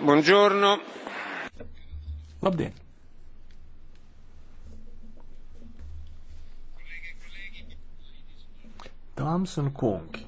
Buongiorno. Labdien! Dāmas un kungi!